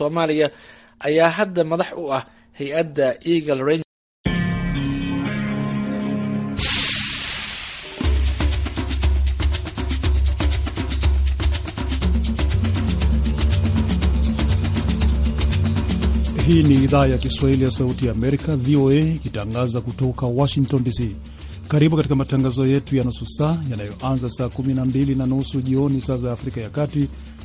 Soomaaliya ayaa hadda madax u ah hay-adda Eagle Range. Hii ni idhaa ya Kiswahili ya Sauti ya Amerika, VOA, ikitangaza kutoka Washington DC. Karibu katika matangazo yetu ya nusu saa yanayoanza saa 12 na nusu jioni saa za Afrika ya Kati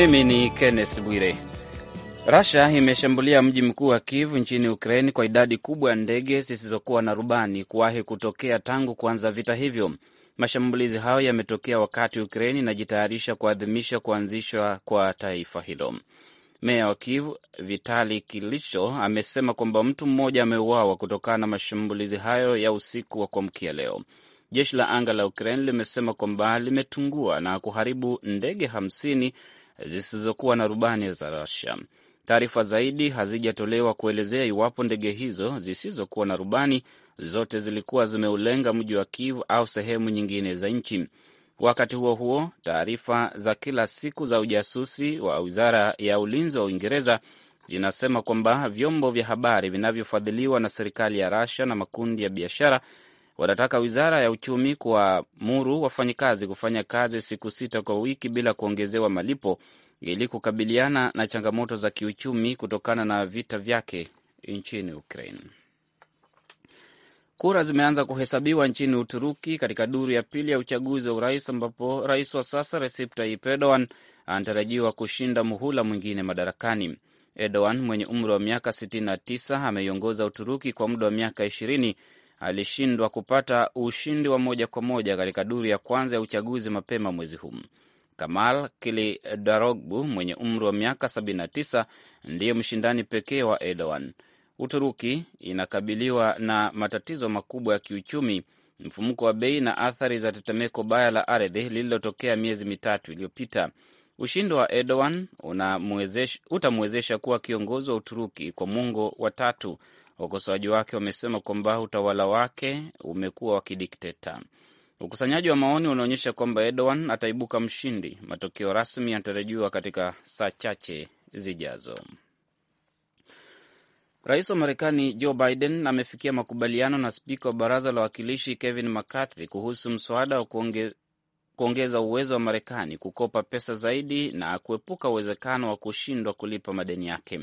Mimi ni Kenneth Bwire. rasia imeshambulia mji mkuu wa Kiev nchini Ukraine kwa idadi kubwa ya ndege zisizokuwa na rubani kuwahi kutokea tangu kuanza vita hivyo. Mashambulizi hayo yametokea wakati Ukraine inajitayarisha kuadhimisha kuanzishwa kwa taifa hilo. Meya wa Kiev Vitali kilicho amesema kwamba mtu mmoja ameuawa kutokana na mashambulizi hayo ya usiku wa kuamkia leo. Jeshi la anga la Ukraine limesema kwamba limetungua na kuharibu ndege hamsini zisizokuwa na rubani za Rusia. Taarifa zaidi hazijatolewa kuelezea iwapo ndege hizo zisizokuwa na rubani zote zilikuwa zimeulenga mji wa Kiev au sehemu nyingine za nchi. Wakati huo huo, taarifa za kila siku za ujasusi wa wizara ya ulinzi wa Uingereza zinasema kwamba vyombo vya habari vinavyofadhiliwa na serikali ya Russia na makundi ya biashara Wanataka wizara ya uchumi muru wafanyakazi kufanya kazi siku sita kwa wiki bila kuongezewa malipo ili kukabiliana na changamoto za kiuchumi kutokana na vita vyake nchini Ukraine. Kura zimeanza kuhesabiwa nchini Uturuki katika duru ya pili ya uchaguzi wa urais ambapo rais wa sasa Recep Tayyip Erdogan anatarajiwa kushinda muhula mwingine madarakani. Erdogan mwenye umri wa miaka 69 ameiongoza Uturuki kwa muda wa miaka ishirini alishindwa kupata ushindi wa moja kwa moja katika duru ya kwanza ya uchaguzi mapema mwezi huu. Kamal kilidarogbu mwenye umri wa miaka 79 ndiye mshindani pekee wa Erdogan. Uturuki inakabiliwa na matatizo makubwa ya kiuchumi, mfumuko wa bei na athari za tetemeko baya la ardhi lililotokea miezi mitatu iliyopita. Ushindi wa Erdogan utamwezesha kuwa kiongozi wa Uturuki kwa mwongo wa tatu, Wakosoaji wake wamesema kwamba utawala wake umekuwa wa kidikteta. Ukusanyaji wa maoni unaonyesha kwamba Erdogan ataibuka mshindi. Matokeo rasmi yanatarajiwa katika saa chache zijazo. Rais wa Marekani Joe Biden amefikia makubaliano na spika wa baraza la wawakilishi Kevin McCarthy kuhusu mswada wa kuonge, kuongeza uwezo wa Marekani kukopa pesa zaidi na kuepuka uwezekano wa kushindwa kulipa madeni yake.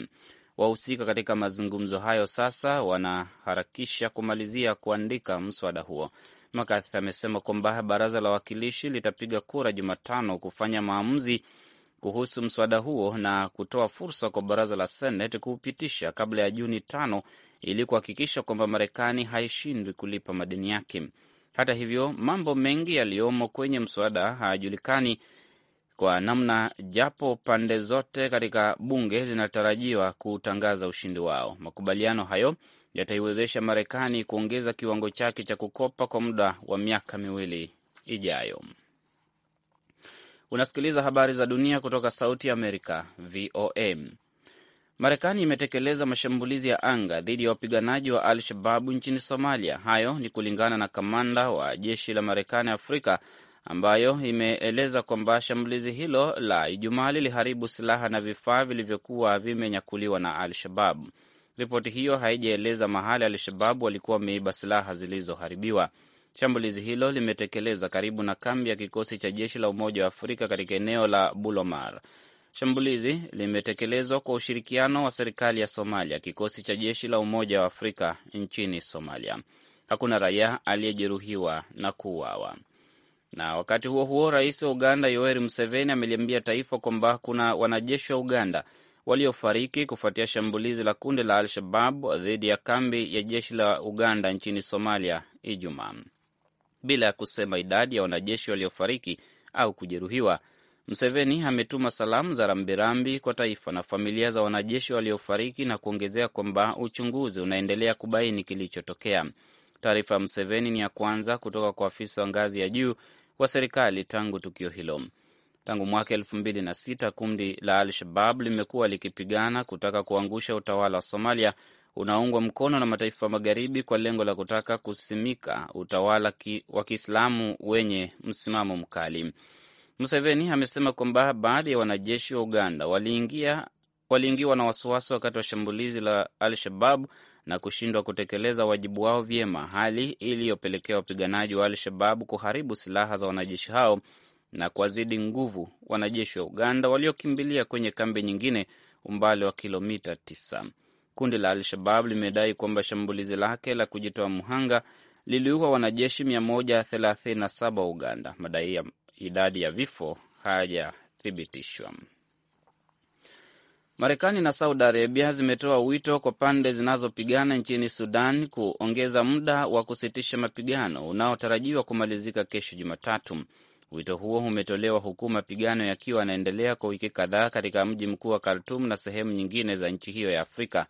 Wahusika katika mazungumzo hayo sasa wanaharakisha kumalizia kuandika mswada huo. Makathi amesema kwamba baraza la wawakilishi litapiga kura Jumatano kufanya maamuzi kuhusu mswada huo na kutoa fursa kwa baraza la senet kuupitisha kabla ya Juni tano ili kuhakikisha kwamba Marekani haishindwi kulipa madeni yake. Hata hivyo, mambo mengi yaliyomo kwenye mswada hayajulikani kwa namna japo pande zote katika bunge zinatarajiwa kutangaza ushindi wao. Makubaliano hayo yataiwezesha Marekani kuongeza kiwango chake cha kukopa kwa muda wa miaka miwili ijayo. Unasikiliza habari za dunia kutoka Sauti ya Amerika, VOA. Marekani imetekeleza mashambulizi ya anga dhidi ya wapiganaji wa Al Shababu nchini Somalia. Hayo ni kulingana na kamanda wa jeshi la Marekani Afrika ambayo imeeleza kwamba shambulizi hilo la Ijumaa liliharibu silaha na vifaa vilivyokuwa vimenyakuliwa na Al-Shabab. Ripoti hiyo haijaeleza mahali Al-Shabab walikuwa wameiba silaha zilizoharibiwa. Shambulizi hilo limetekelezwa karibu na kambi ya kikosi cha jeshi la Umoja wa Afrika katika eneo la Bulomar. Shambulizi limetekelezwa kwa ushirikiano wa serikali ya Somalia, kikosi cha jeshi la Umoja wa Afrika nchini Somalia. Hakuna raia aliyejeruhiwa na kuuawa. Na wakati huo huo, rais wa Uganda Yoweri Museveni ameliambia taifa kwamba kuna wanajeshi wa Uganda waliofariki kufuatia shambulizi la kundi la Al-Shabab dhidi ya kambi ya jeshi la Uganda nchini Somalia Ijumaa, bila ya kusema idadi ya wanajeshi waliofariki au kujeruhiwa. Mseveni ametuma salamu za rambirambi kwa taifa na familia za wanajeshi waliofariki na kuongezea kwamba uchunguzi unaendelea kubaini kilichotokea. Taarifa ya Mseveni ni ya kwanza kutoka kwa afisa wa ngazi ya juu kwa serikali tangu tukio hilo. Tangu mwaka elfu mbili na sita kundi la Al-Shabab limekuwa likipigana kutaka kuangusha utawala wa Somalia unaungwa mkono na mataifa magharibi kwa lengo la kutaka kusimika utawala ki, wa Kiislamu wenye msimamo mkali. Museveni amesema kwamba baadhi ya wanajeshi wa Uganda waliingiwa na wasiwasi wakati wa shambulizi la Al-Shabab na kushindwa kutekeleza wajibu wao vyema, hali iliyopelekea wapiganaji wa Al-Shababu kuharibu silaha za wanajeshi hao na kuwazidi nguvu wanajeshi wa Uganda waliokimbilia kwenye kambi nyingine umbali wa kilomita 9. Kundi la Al-Shabab limedai kwamba shambulizi lake la kujitoa mhanga liliua wanajeshi 137 wa Uganda. Madai ya idadi ya vifo hayajathibitishwa. Marekani na Saudi Arabia zimetoa wito kwa pande zinazopigana nchini Sudan kuongeza muda wa kusitisha mapigano unaotarajiwa kumalizika kesho Jumatatu. Wito huo umetolewa huku mapigano yakiwa yanaendelea kwa wiki kadhaa katika mji mkuu wa Khartum na sehemu nyingine za nchi hiyo ya Afrika.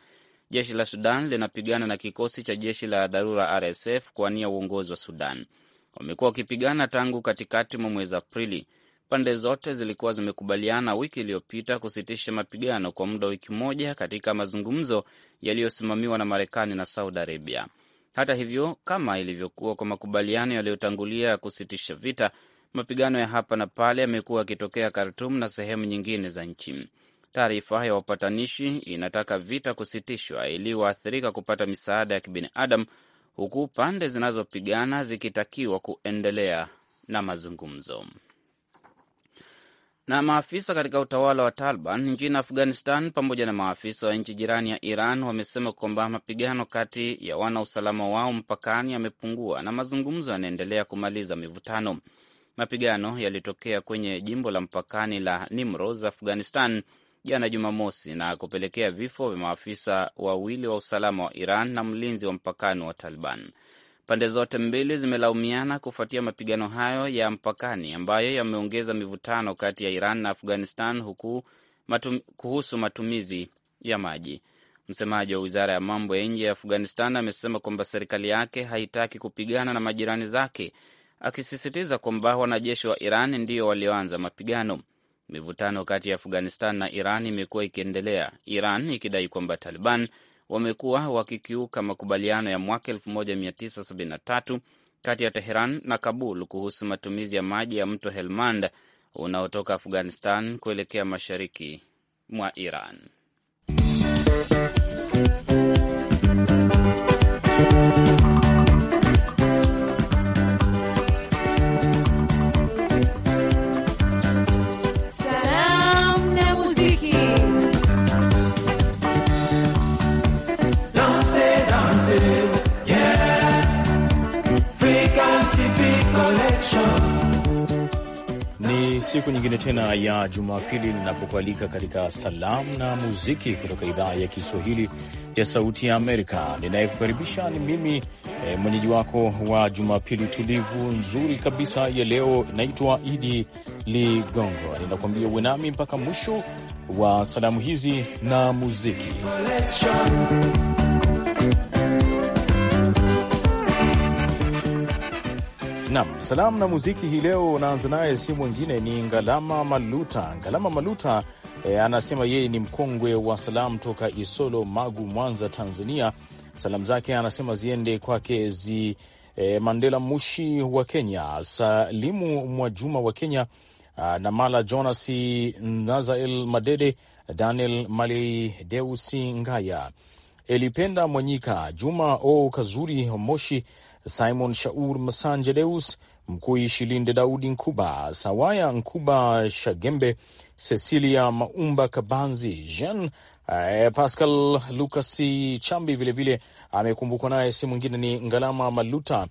Jeshi la Sudan linapigana na kikosi cha jeshi la dharura RSF kuwania uongozi wa Sudan. Wamekuwa wakipigana tangu katikati mwa mwezi Aprili. Pande zote zilikuwa zimekubaliana wiki iliyopita kusitisha mapigano kwa muda wa wiki moja katika mazungumzo yaliyosimamiwa na Marekani na Saudi Arabia. Hata hivyo, kama ilivyokuwa kwa makubaliano yaliyotangulia ya kusitisha vita, mapigano ya hapa na pale yamekuwa yakitokea Khartum na sehemu nyingine za nchi. Taarifa ya wapatanishi inataka vita kusitishwa ili waathirika kupata misaada ya kibinadamu, huku pande zinazopigana zikitakiwa kuendelea na mazungumzo na maafisa katika utawala wa Taliban nchini Afghanistan pamoja na maafisa wa nchi jirani ya Iran wamesema kwamba mapigano kati ya wanausalama wao mpakani yamepungua na mazungumzo yanaendelea kumaliza mivutano. Mapigano yalitokea kwenye jimbo la mpakani la Nimroz, Afghanistan jana Jumamosi na kupelekea vifo vya maafisa wawili wa usalama wa Iran na mlinzi wa mpakani wa Taliban. Pande zote mbili zimelaumiana kufuatia mapigano hayo ya mpakani ambayo yameongeza mivutano kati ya Iran na Afghanistan huku matum, kuhusu matumizi ya maji. Msemaji wa wizara ya mambo ya nje ya Afghanistan amesema kwamba serikali yake haitaki kupigana na majirani zake, akisisitiza kwamba wanajeshi wa Iran ndio walioanza mapigano. Mivutano kati ya Afghanistan na Iran imekuwa ikiendelea, Iran ikidai kwamba Taliban wamekuwa wakikiuka makubaliano ya mwaka 1973 kati ya Teheran na Kabul kuhusu matumizi ya maji ya mto Helmand unaotoka Afghanistan kuelekea mashariki mwa Iran. siku nyingine tena ya Jumapili ninapokualika katika salamu na muziki kutoka idhaa ya Kiswahili ya Sauti ya Amerika. Ninayekukaribisha ni mimi e, mwenyeji wako wa Jumapili tulivu nzuri kabisa ya leo. Naitwa Idi Ligongo, ninakuambia uwe nami mpaka mwisho wa salamu hizi na muziki Nam salamu na muziki hii leo unaanza naye, si mwingine ni Ngalama Maluta. Ngalama Maluta e, anasema yeye ni mkongwe wa salamu toka Isolo, Magu, Mwanza, Tanzania. Salamu zake anasema ziende kwake zi e, Mandela Mushi wa Kenya, Salimu Mwajuma wa Kenya, na Mala Jonas Nazael Madede, Daniel Malei, Deusi Ngaya, Elipenda Mwanyika, Juma O Kazuri Moshi Simon Shaur Masanje Mkui Shilinde Daudi Nkuba, Sawaya Nkuba Shagembe, Cecilia Maumba Kabanzi, Jean uh, Pascal Lucas Chambi vilevile amekumbukwa naye, si mwingine ni Ngalama Maluta.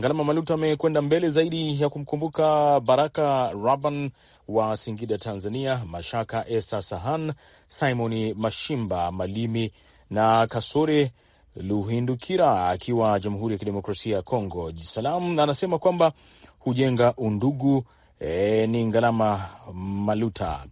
Ngalama Maluta amekwenda mbele zaidi ya kumkumbuka Baraka Raban wa Singida, Tanzania, Mashaka Esa Sahan, Simoni Mashimba Malimi na Kasore Luhindukira akiwa Jamhuri ya Kidemokrasia ya Kongo Salam anasema kwamba hujenga undugu e, ni Ngalama Maluta.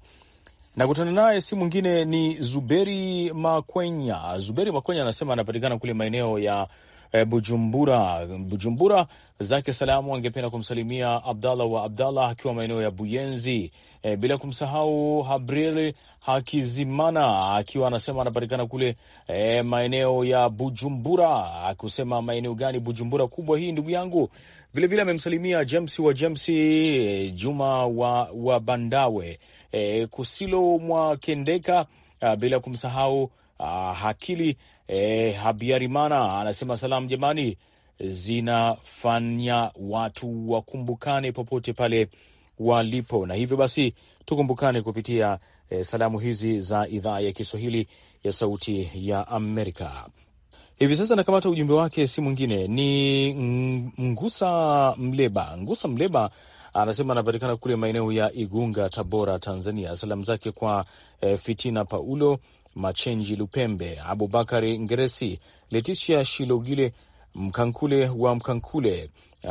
Nakutana naye si mwingine ni Zuberi Makwenya. Zuberi Makwenya anasema anapatikana kule maeneo ya eh, Bujumbura. Bujumbura zake salamu angependa kumsalimia Abdallah wa Abdallah akiwa maeneo ya Buyenzi, eh, bila kumsahau Habril Hakizimana akiwa anasema anapatikana kule eh, maeneo ya Bujumbura. Akusema maeneo gani? Bujumbura kubwa hii, ndugu yangu. Vilevile amemsalimia James wa James, eh, Juma wa, wa Bandawe, eh, Kusilo mwa Kendeka, ah, bila kumsahau ah, Hakili E, mana anasema salamu jamani, zinafanya watu wakumbukane popote pale walipo, na hivyo basi tukumbukane kupitia e, salamu hizi za idhaa ya Kiswahili ya Sauti ya Amerika. Hivi sasa nakamata ujumbe wake, si mwingine ni Ngusa Mleba. Ngusa Mleba anasema anapatikana kule maeneo ya Igunga, Tabora, Tanzania. Salamu zake kwa e, Fitina Paulo Machenji Lupembe, Abubakari Ngeresi, letisia Shilogile Mkankule wa Mkankule,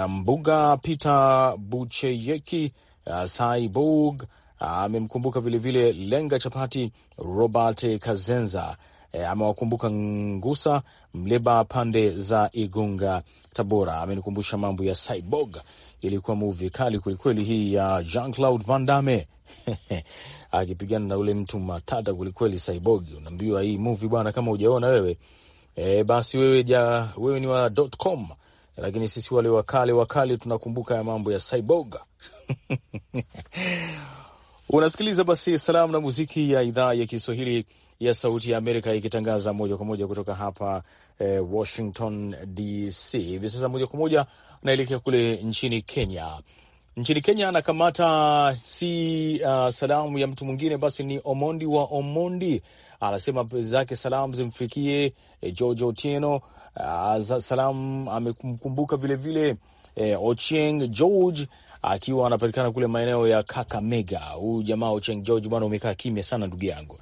Mbuga Peter Bucheyeki, uh, Saibog uh, amemkumbuka vilevile Lenga Chapati, Robert Kazenza uh, amewakumbuka Ngusa Mleba pande za Igunga, Tabora. Amenikumbusha mambo ya Cyborg, ilikuwa muvi kali kwelikweli hii ya Jean Claude Van Damme akipigana na ule mtu matata kwelikweli, Cyborg. Unaambiwa hii movie bwana, kama ujaona wewe e, basi wewe ja, wewe ni wa .com, lakini sisi wale wakale wakale tunakumbuka ya mambo ya Cyborg unasikiliza basi salamu na muziki ya idhaa ya Kiswahili ya Sauti ya Amerika ikitangaza moja kwa moja kutoka hapa eh, Washington DC. Hivi sasa moja kwa moja naelekea kule nchini Kenya nchini Kenya anakamata si uh, salamu ya mtu mwingine basi ni Omondi wa Omondi, anasema zake salamu zimfikie eh, e, Jojo Otieno. Uh, salamu amemkumbuka vilevile e, eh, Ochieng George akiwa anapatikana kule maeneo ya Kakamega. huu jamaa Ochieng George bwana, umekaa kimya sana ndugu yangu.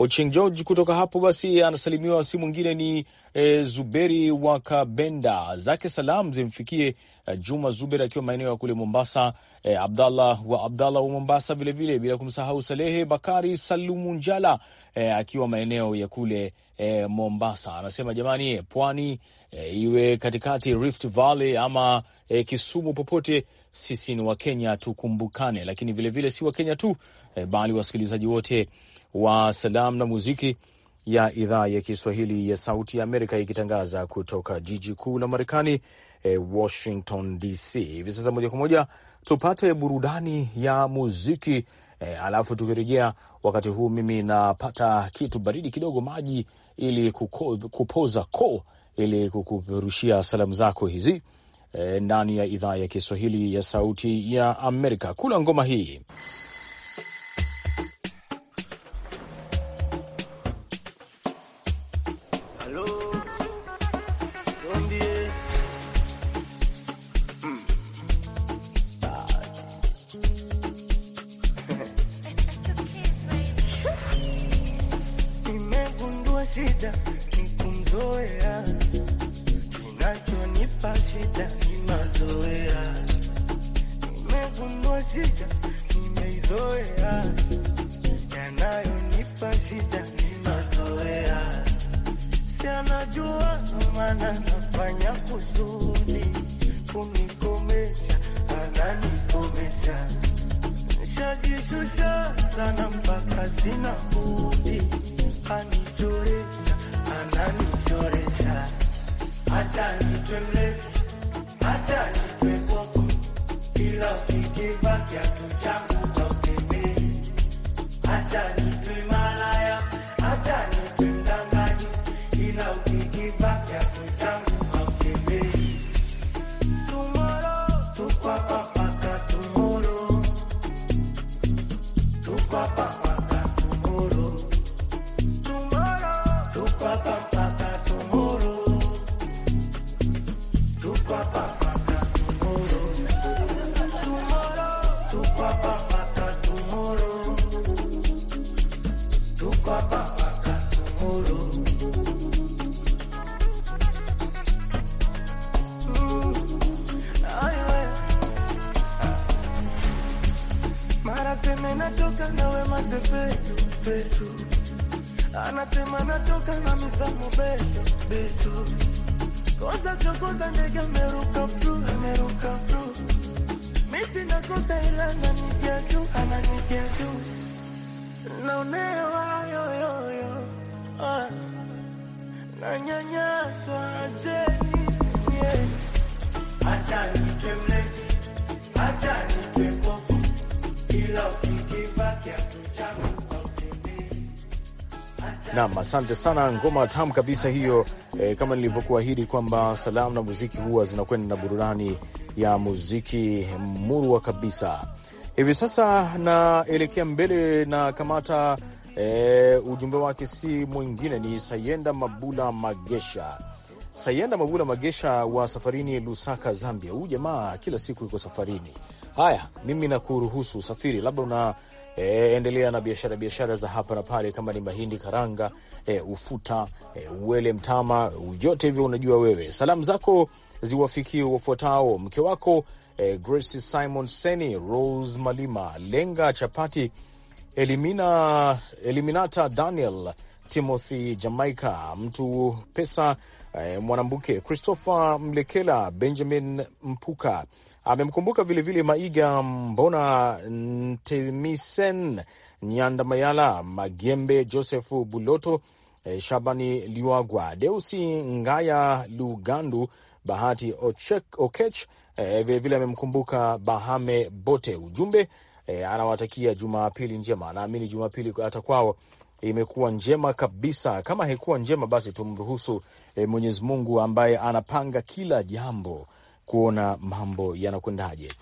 Ochieng George. Kutoka hapo basi anasalimiwa, si mwingine ni e, Zuberi wa Kabenda, zake salam zimfikie e, Juma Zuberi akiwa maeneo ya kule Mombasa, e, Abdallah wa Abdallah wa Mombasa vilevile, bila kumsahau Salehe Bakari Salumu Njala e, akiwa maeneo ya kule e, Mombasa. Anasema jamani, pwani e, iwe katikati Rift Valley ama e, Kisumu, popote sisi ni Wakenya tukumbukane, lakini vilevile si Wakenya tu e, bali wasikilizaji wote wa Salam na Muziki ya idhaa ya Kiswahili ya Sauti ya Amerika ikitangaza kutoka jiji kuu la Marekani, e, Washington DC. Hivi sasa moja kwa moja tupate burudani ya muziki e, alafu tukirejea, wakati huu mimi napata kitu baridi kidogo, maji ili kuko, kupoza koo ili kukuperushia salamu zako hizi Eh, ndani ya idhaa ya Kiswahili ya Sauti ya Amerika. Kula ngoma hii shida nimeizoea, yanayonipa shida nimazoea, si anajua maana nafanya kusudi kunikomesha, ananikomesha, nishajishusha sana mpaka sina budi, anichoresha, ananichoresha, acha nitwemlete, acha love, give back, yeah, to jump. Nam, asante sana. Ngoma tamu kabisa hiyo. E, kama nilivyokuahidi kwamba salamu na muziki huwa zinakwenda na burudani ya muziki murwa kabisa. Hivi sasa naelekea mbele na kamata e, ujumbe wake si mwingine ni Sayenda Mabula Magesha. Sayenda Mabula Magesha wa safarini Lusaka, Zambia. Huyu jamaa kila siku yuko safarini. Haya, mimi nakuruhusu usafiri, labda una E, endelea na biashara biashara za hapa na pale, kama ni mahindi karanga, e, ufuta, e, uwele, mtama, vyote hivyo unajua wewe. Salamu zako ziwafikie wafuatao: mke wako e, Grace Simon Seni, Rose Malima, Lenga Chapati, Elimina, Eliminata Daniel, Timothy Jamaica, mtu pesa, e, Mwanambuke, Christopher Mlekela, Benjamin Mpuka amemkumbuka vilevile Maiga Mbona, Ntemisen Nyandamayala, Magembe Josefu Buloto, eh, Shabani Liwagwa, Deusi Ngaya Lugandu, Bahati Ochek, Okech vilevile eh, amemkumbuka Bahame Bote. Ujumbe eh, anawatakia Jumapili njema. Naamini Jumapili hata kwao imekuwa njema kabisa. Kama haikuwa njema, basi tumruhusu Mwenyezi Mungu ambaye anapanga kila jambo kuona mambo yanakwendaje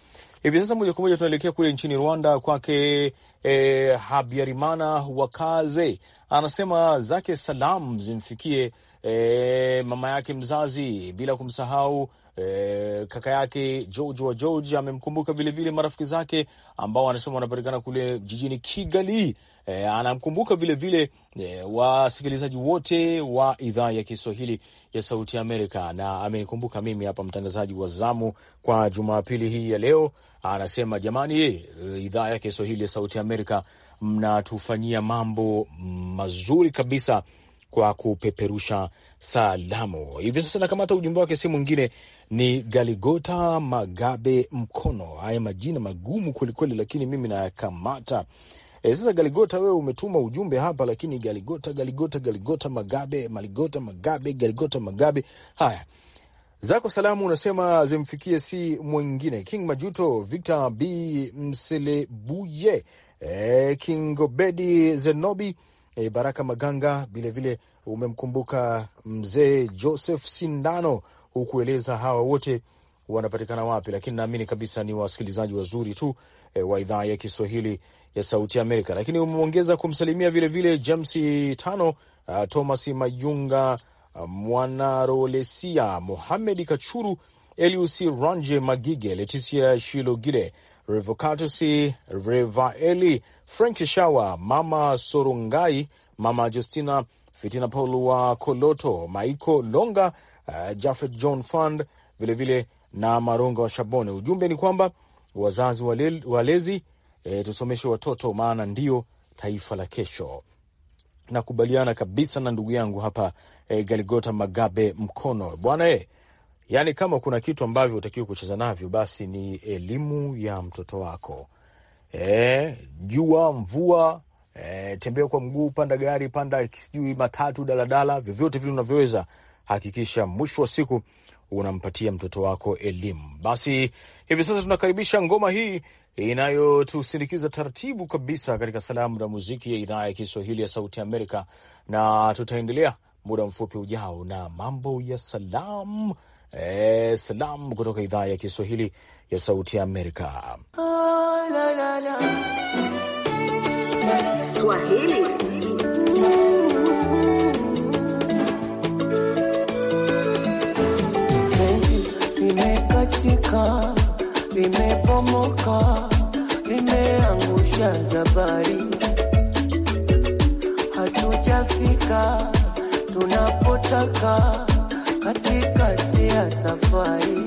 hivi sasa. Moja kwa moja tunaelekea kule nchini Rwanda kwake e, Habyarimana Wakaze anasema zake salamu zimfikie e, mama yake mzazi bila kumsahau E, kaka yake George wa George amemkumbuka vilevile marafiki zake ambao anasema wanapatikana kule jijini Kigali. E, anamkumbuka vilevile e, eh, wasikilizaji wote wa idhaa ya Kiswahili ya Sauti ya Amerika, na amenikumbuka mimi hapa mtangazaji wa zamu kwa Jumapili hii ya leo. Anasema jamani, e, idhaa ya Kiswahili ya Sauti ya Amerika mnatufanyia mambo mazuri kabisa kwa kupeperusha salamu. Hivi sasa nakamata ujumbe wake si mwingine ni Galigota Magabe Mkono. Haya majina magumu kwelikweli, lakini mimi nayakamata. E, sasa Galigota, wewe umetuma ujumbe hapa, lakini Galigota, Galigota, Galigota Magabe, Maligota Magabe, Galigota Magabe. Haya zako salamu unasema zimfikie si mwingine King Majuto, Victor B Mselebuye, e, King Obedi Zenobi, e, Baraka Maganga, vilevile umemkumbuka mzee Joseph Sindano hukueleza hawa wote wanapatikana wapi, lakini naamini kabisa ni wasikilizaji wazuri tu e, wa idhaa ya Kiswahili ya Sauti Amerika. Lakini umeongeza kumsalimia vilevile vile James Tano, uh, Thomas Mayunga, uh, ah, Mwanarolesia muhamed Kachuru, Elius Ranje Magige, Leticia Shilogile, Revocatus Revaeli, Frank Shawa, Mama Sorongai, Mama Justina Fitina, Paulu wa Koloto, Maiko Longa Eh, Jafet John Fund vilevile vile na Maronga wa Shabone. Ujumbe ni kwamba wazazi wale, walezi e, tusomeshe watoto maana ndio taifa la kesho. Nakubaliana kabisa na ndugu yangu hapa e, Galigota Magabe Mkono bwana e, yani kama kuna kitu ambavyo utakiwa kucheza navyo basi ni elimu ya mtoto wako. E, jua mvua, e, tembea kwa mguu, panda gari, panda sijui matatu, daladala, vyovyote vile unavyoweza hakikisha mwisho wa siku unampatia mtoto wako elimu. Basi hivi sasa tunakaribisha ngoma hii inayotusindikiza taratibu kabisa katika salamu na muziki ya idhaa ya Kiswahili ya Sauti Amerika, na tutaendelea muda mfupi ujao na mambo ya salamu eh, salamu kutoka idhaa ya Kiswahili ya Sauti ya Amerika. Oh, la, la, la. Swahili limeanguka, limepomoka, limeangusha jabari. Hatujafika tunapotaka katikati ya safari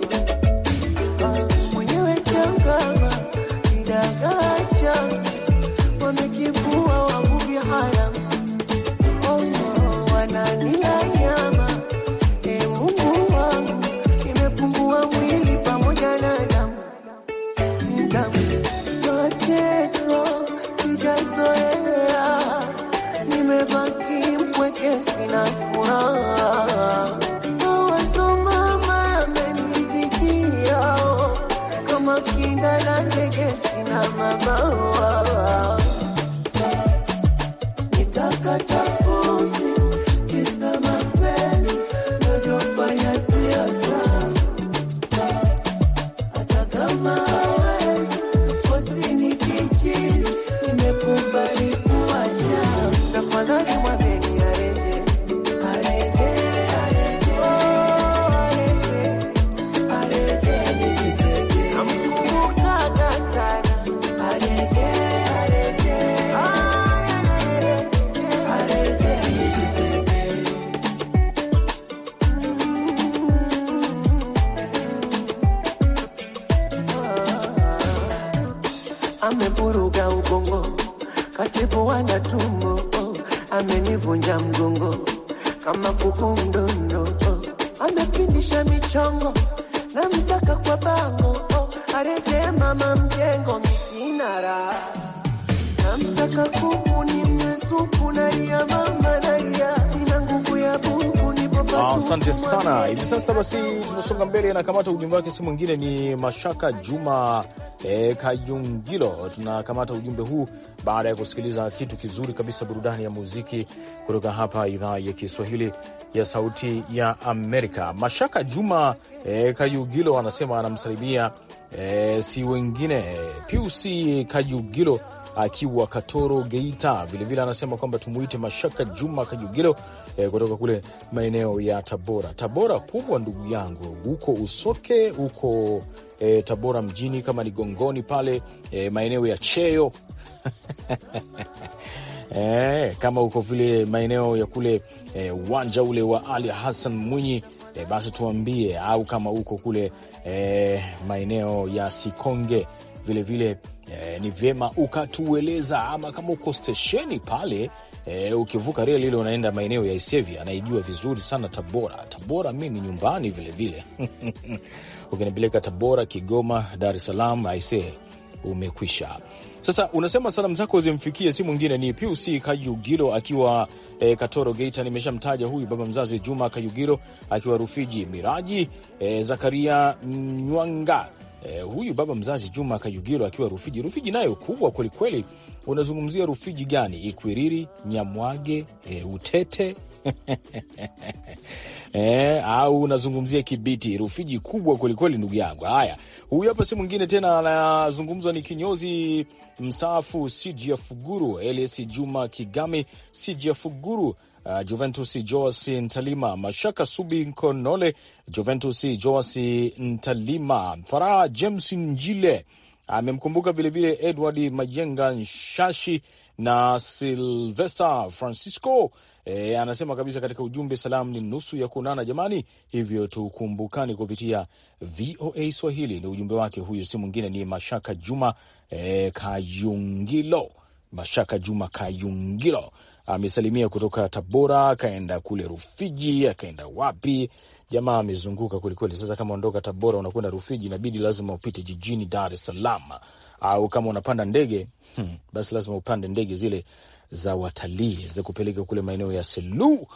amevuruga ubongo, katibu wana tumbo oh, amenivunja mgongo kama kuku mdondo, oh, amepindisha michongo na mzaka kwa bango, oh, arejea mama mjengo misinara na mzaka kuku ni mwesuku naria mama naria Asante sana. Hivi sasa basi tunasonga mbele, anakamata ujumbe wake si mwingine ni Mashaka Juma e, Kajungilo. Tunakamata ujumbe huu baada ya kusikiliza kitu kizuri kabisa, burudani ya muziki kutoka hapa idhaa ya Kiswahili ya Sauti ya Amerika. Mashaka Juma e, Kajugilo anasema anamsalimia e, si wengine Piusi kajugilo akiwa Katoro, Geita. Vilevile anasema kwamba tumuite Mashaka Juma kajugilo eh, kutoka kule maeneo ya Tabora. Tabora kubwa ndugu yangu, huko Usoke huko eh, Tabora mjini kama ni Gongoni pale eh, maeneo ya Cheyo eh, kama huko vile maeneo ya kule eh, uwanja eh, ule wa Ali Hassan Mwinyi eh, basi tuambie, au kama huko kule eh, maeneo ya Sikonge vilevile vile, eh, ni vyema ukatueleza, ama kama uko stesheni pale e, ukivuka reli ile unaenda maeneo ya Isevia, anaijua vizuri sana Tabora. Tabora mi ni nyumbani vilevile ukinipeleka Tabora, Kigoma, Dar es Salaam, aisee umekwisha. Sasa unasema salamu zako zimfikie, si mwingine ni PUC Kayugiro akiwa e, Katoro Geita. Nimeshamtaja huyu baba mzazi Juma Kayugiro akiwa Rufiji. Miraji e, Zakaria Nywanga e, huyu baba mzazi Juma Kayugiro akiwa Rufiji. Rufiji nayo kubwa kwelikweli unazungumzia Rufiji gani? Ikwiriri, Nyamwage, e, Utete e, au unazungumzia Kibiti? Rufiji kubwa kwelikweli, ndugu yangu. Haya, huyu hapa si mwingine tena, anazungumzwa ni kinyozi mstaafu Sijiafuguru Elias Juma Kigami Sijiafuguru. Uh, Juventus Joas Ntalima, Mashaka Subi Nkonole, Juventus Joas Ntalima, Faraha James Njile amemkumbuka vilevile Edward Majenga Nshashi na Silvester Francisco. E, anasema kabisa katika ujumbe, salamu ni nusu ya kuonana jamani, hivyo tukumbukani kupitia VOA Swahili. Ni ujumbe wake huyo, si mwingine ni Mashaka Juma e, Kayungilo. Mashaka Juma Kayungilo amesalimia kutoka Tabora, akaenda kule Rufiji, akaenda wapi jamaa amezunguka kwelikweli. Sasa kama ondoka Tabora unakwenda Rufiji, inabidi lazima upite jijini Dar es Salaam, au kama unapanda ndege hmm, basi lazima upande ndege zile za watalii za kupeleka kule maeneo ya Selu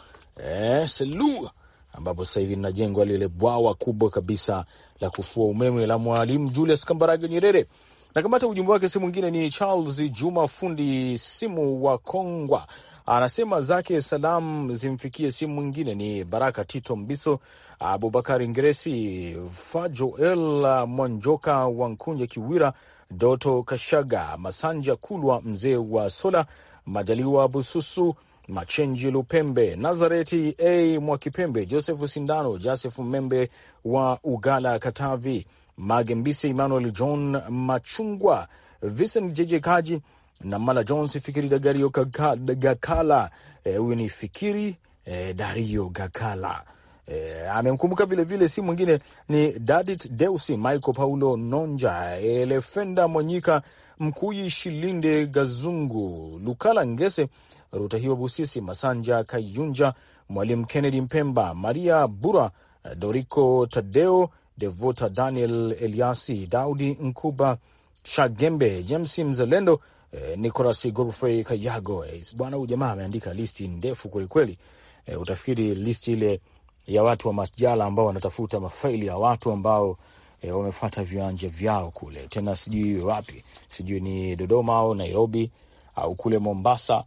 eh, Selu ambapo sasa hivi linajengwa lile bwawa kubwa kabisa la kufua umeme la Mwalimu Julius Kambarage Nyerere. nakamata ujumbe wake, si mwingine ni Charles Juma, fundi simu wa Kongwa anasema zake salam zimfikie simu mwingine ni Baraka Tito Mbiso, Abubakari Ngeresi, Fajoel Mwanjoka, Wankunja Kiwira, Doto Kashaga, Masanja Kulwa, mzee wa Sola, Majaliwa Bususu, Machenji Lupembe, Nazareti a Mwakipembe, Josefu Sindano, Josefu Membe wa Ugala, Katavi, Magembise, Emmanuel John Machungwa, Vincent Jeje Kaji na Mala Jones, Fikiri Dagario Gakala, e, huyu e, ni Fikiri e, Dario Gakala. E, amemkumbuka vilevile, si mwingine ni Dadit Deusi Michael Paulo Nonja, Elefenda Mwanyika, Mkuyi Shilinde, Gazungu Lukala, Ngese Ruta Rutahiwa, Busisi Masanja, Kayunja, Mwalimu Kennedy Mpemba, Maria Bura, Doriko Tadeo, Devota Daniel Eliasi, Daudi Nkuba, Shagembe, James Mzalendo Eh, Nicolas Godfrey Kayago eh, bwana huyu jamaa ameandika listi ndefu kwelikweli. Eh, utafikiri listi ile ya watu wa masjala ambao wanatafuta mafaili ya watu ambao e, wamefata viwanja vyao kule, tena sijui wapi, sijui ni Dodoma au Nairobi au kule Mombasa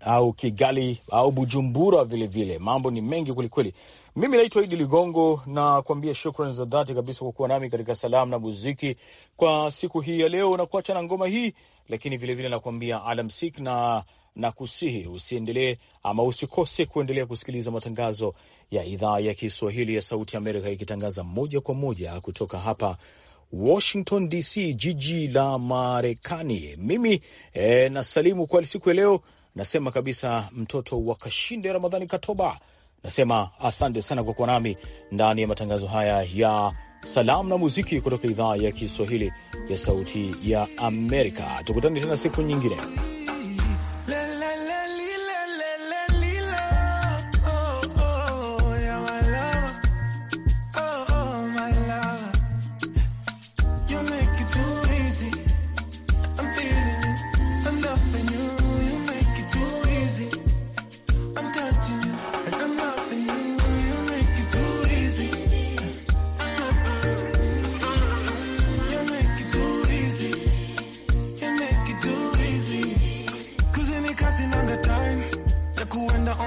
au Kigali au Bujumbura vilevile vile. Mambo ni mengi kwelikweli. Mimi naitwa Idi Ligongo na kuambia shukran za dhati kabisa kwa kuwa nami katika salamu na muziki kwa siku hii ya leo, na kuacha na ngoma hii lakini vilevile nakuambia alamsik na na kusihi usiendelee ama usikose kuendelea kusikiliza matangazo ya idhaa ya Kiswahili ya Sauti Amerika ikitangaza moja kwa moja kutoka hapa Washington DC, jiji la Marekani. Mimi e, eh, nasalimu kwa siku ya leo, nasema kabisa mtoto wa Kashinde Ramadhani Katoba, nasema asante sana kwa kuwa nami ndani ya matangazo haya ya salamu na muziki kutoka idhaa ya Kiswahili ya Sauti ya Amerika. Tukutane tena siku nyingine.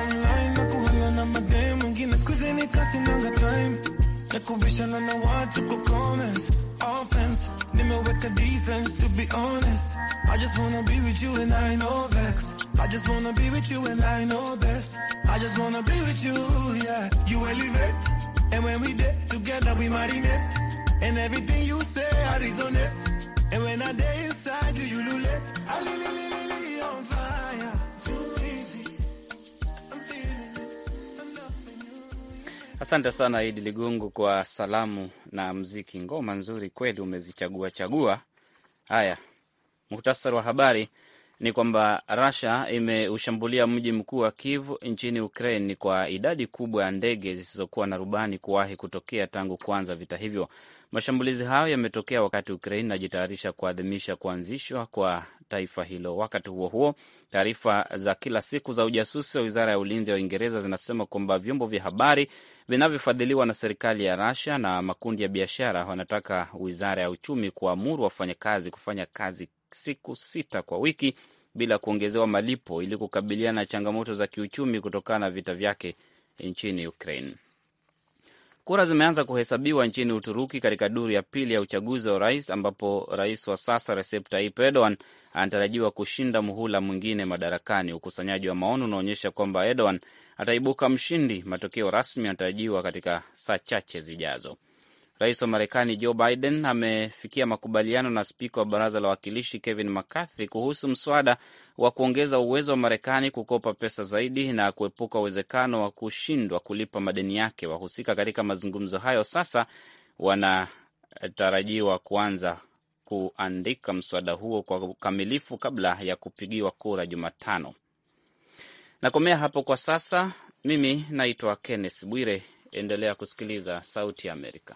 online na kuhaliwa na madem mwingine, siku hizi ni kasi nanga time ya kubishana na watu kwa comments offense, nimeweka defense to be honest, I just wanna be with you and I know vex, I just wanna be with you and I know best, I just wanna be with you, yeah, you elevate, and when we date together we marinate, and everything you say I resonate, and when I day inside you you lulate, I lulate. Asante sana Idi ligungu kwa salamu na mziki. Ngoma nzuri kweli, umezichagua chagua. Haya, muktasari wa habari ni kwamba Russia imeushambulia mji mkuu wa Kiev nchini Ukraine kwa idadi kubwa ya ndege zisizokuwa na rubani kuwahi kutokea tangu kuanza vita hivyo. Mashambulizi hayo yametokea wakati Ukraine inajitayarisha kuadhimisha kuanzishwa kwa taifa hilo. Wakati huo huo, taarifa za kila siku za ujasusi wa wizara ya ulinzi ya Uingereza zinasema kwamba vyombo vya habari vinavyofadhiliwa na serikali ya Rasia na makundi ya biashara wanataka wizara ya uchumi kuamuru wafanyakazi kufanya kazi siku sita kwa wiki bila kuongezewa malipo ili kukabiliana na changamoto za kiuchumi kutokana na vita vyake nchini Ukraine. Kura zimeanza kuhesabiwa nchini Uturuki katika duru ya pili ya uchaguzi wa urais ambapo rais wa sasa Recep Tayyip Erdogan anatarajiwa kushinda muhula mwingine madarakani. Ukusanyaji wa maoni unaonyesha kwamba Erdogan ataibuka mshindi. Matokeo rasmi yanatarajiwa katika saa chache zijazo. Rais wa Marekani Joe Biden amefikia makubaliano na spika wa baraza la wawakilishi Kevin McCarthy kuhusu mswada wa kuongeza uwezo wa Marekani kukopa pesa zaidi na kuepuka uwezekano wa kushindwa kulipa madeni yake. Wahusika katika mazungumzo hayo sasa wanatarajiwa kuanza kuandika mswada huo kwa ukamilifu kabla ya kupigiwa kura Jumatano. Nakomea hapo kwa sasa. Mimi naitwa Kenneth Bwire. Endelea kusikiliza Sauti ya Amerika.